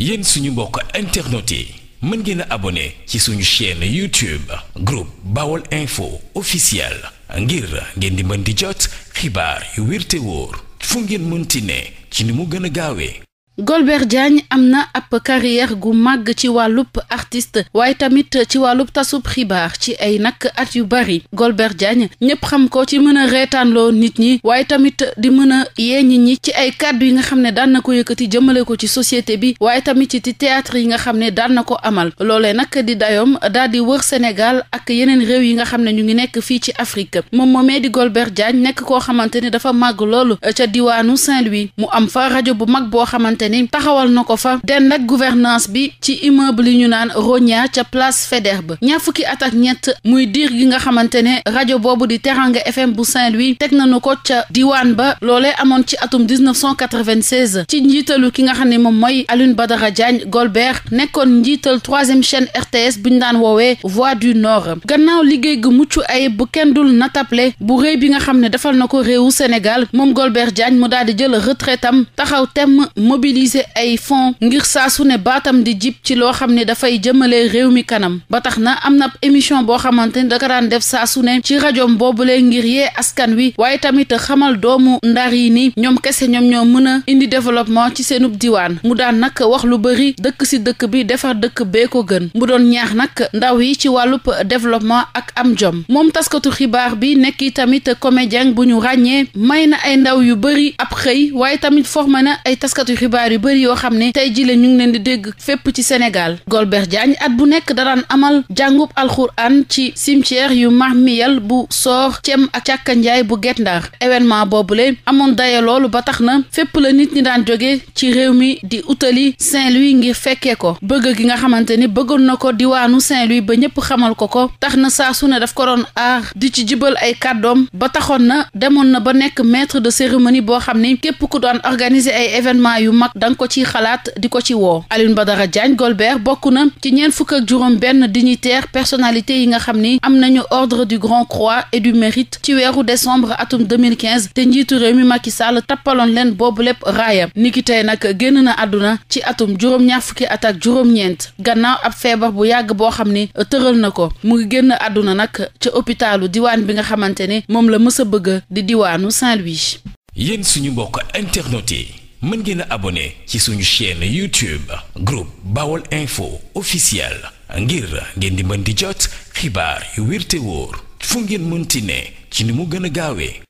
yéen suñu mbokk internet mën ngeen a abonné ci suñu chaîne YouTube groupe Bawol info officiel ngir ngeen di mën di jot xibaar yu wér te fu ngeen mënti ne ci ni mu gën a gaawee Golbert Diagne am na ab carrière gu màgg ci wàllu artist waaye tamit ci wàllu tasub xibaar ci ay nag at yu bari Golbert Diagne ñëpp xam ko ci mën a reetaanloo nit ñi waaye tamit di mën a yee ñi ñi ci ay kàddu yi nga xam ne daan na ko yëkkati jëmale ko ci société bi waaye tamit ci théâtre yi nga xam ne daan na ko amal loolee nag di dayoom daal di wër Sénégal ak yeneen réew yi nga xam ne ñu ngi nekk fii ci Afrique moom moomee di Golbert jaañ nekk koo xamante ne dafa màgg loolu ca diwaanu Saint-Louis mu am fa rajo bu mag boo xamante ni taxawal na ko fa den ak gouvernance bi ci immeuble yi ñu naan Rogna ca place Faidherbe ñaar fukki at ak ñett muy diir gi nga xamante ne rajo boobu di Teranga FM bu Saint-Louis teg nañu ko ca diwaan ba loole amoon ci atum 1996 ci njiitalu ki nga xam ne moom mooy Alioune Badara Diagne Golbert nekkoon njiital troisième chaine RTS bu ñu daan woowee Voix du Nord gannaaw liggéey gu mucc ayib bu kenn dul natable bu rëy bi nga xam ne defal na ko réewu Sénégal moom Golbert Diagne mu daal di jël retraitam taxaw mobiliser ay fonds ngir saa su ne baatam di jib ci loo xam ne dafay jëmale réew mi kanam ba tax na am na émission boo xamante ne daka daan def saa su ne ci rajoom boobule ngir yee askan wi waaye tamit xamal doomu ndar yi ni ñoom kese ñoom ñoo mën a indi développement ci seenub diwaan mu daan nag wax lu bëri dëkk si dëkk bi defar dëkk bee ko gën mu doon ñaax nag ndaw yi ci wàllub développement ak am jom moom taskatu xibaar bi nekk tamit comédien bu ñu ràññee may na ay ndaw yu bëri xibaar yu bëri yoo xam ne tey ji la ñu ngi leen di dégg fépp ci Sénégal Golbert Diagne at bu nekk daraan amal jàngub alxuraan ci cimetière yu Mahmiyal bu Soor Cem ak Càkka Njaay bu Guet Ndar boobu boobule amoon daye loolu ba tax na fépp la nit ñi daan jóge ci réew mi di utali Saint-Louis ngir fekkee ko bëgg gi nga xamante ni bëggoon na ko diwaanu Saint-Louis ba ñëpp xamal ko ko tax na saa su ne daf ko doon aar di ci jibal ay kàddoom ba taxoon na demoon de mag ko ciy xalaat di ko ci woo Alioune Badara Diagne Golbert bokk na ci ñeent fukk ak juróom benn dignitaire personnalité yi nga xam ni am nañu ordre du Grand Croix et du Mérite ci weeru décembre atum 2015 te njiitu réew mi Macky Sall tappaloon leen boobu lépp raaya niki tey nag génn na àdduna ci atum juróom-ñaar fukki at ak juróom-ñeent gannaaw ab feebar bu yàgg boo xam ni euh, tëral na ko mu ngi génn àdduna nag ca hôpitalu diwaan bi nga xamante ne moom la mës a bëgg di diwaanu Saint-Louis. suñu mbokk internet yi mën ngeen a abonné ci suñu chaîne YouTube groupe Baol info officiel ngir ngeen di mën di jot xibaar yu wér te fu ngeen mënti ne ci ni mu gën a gaawee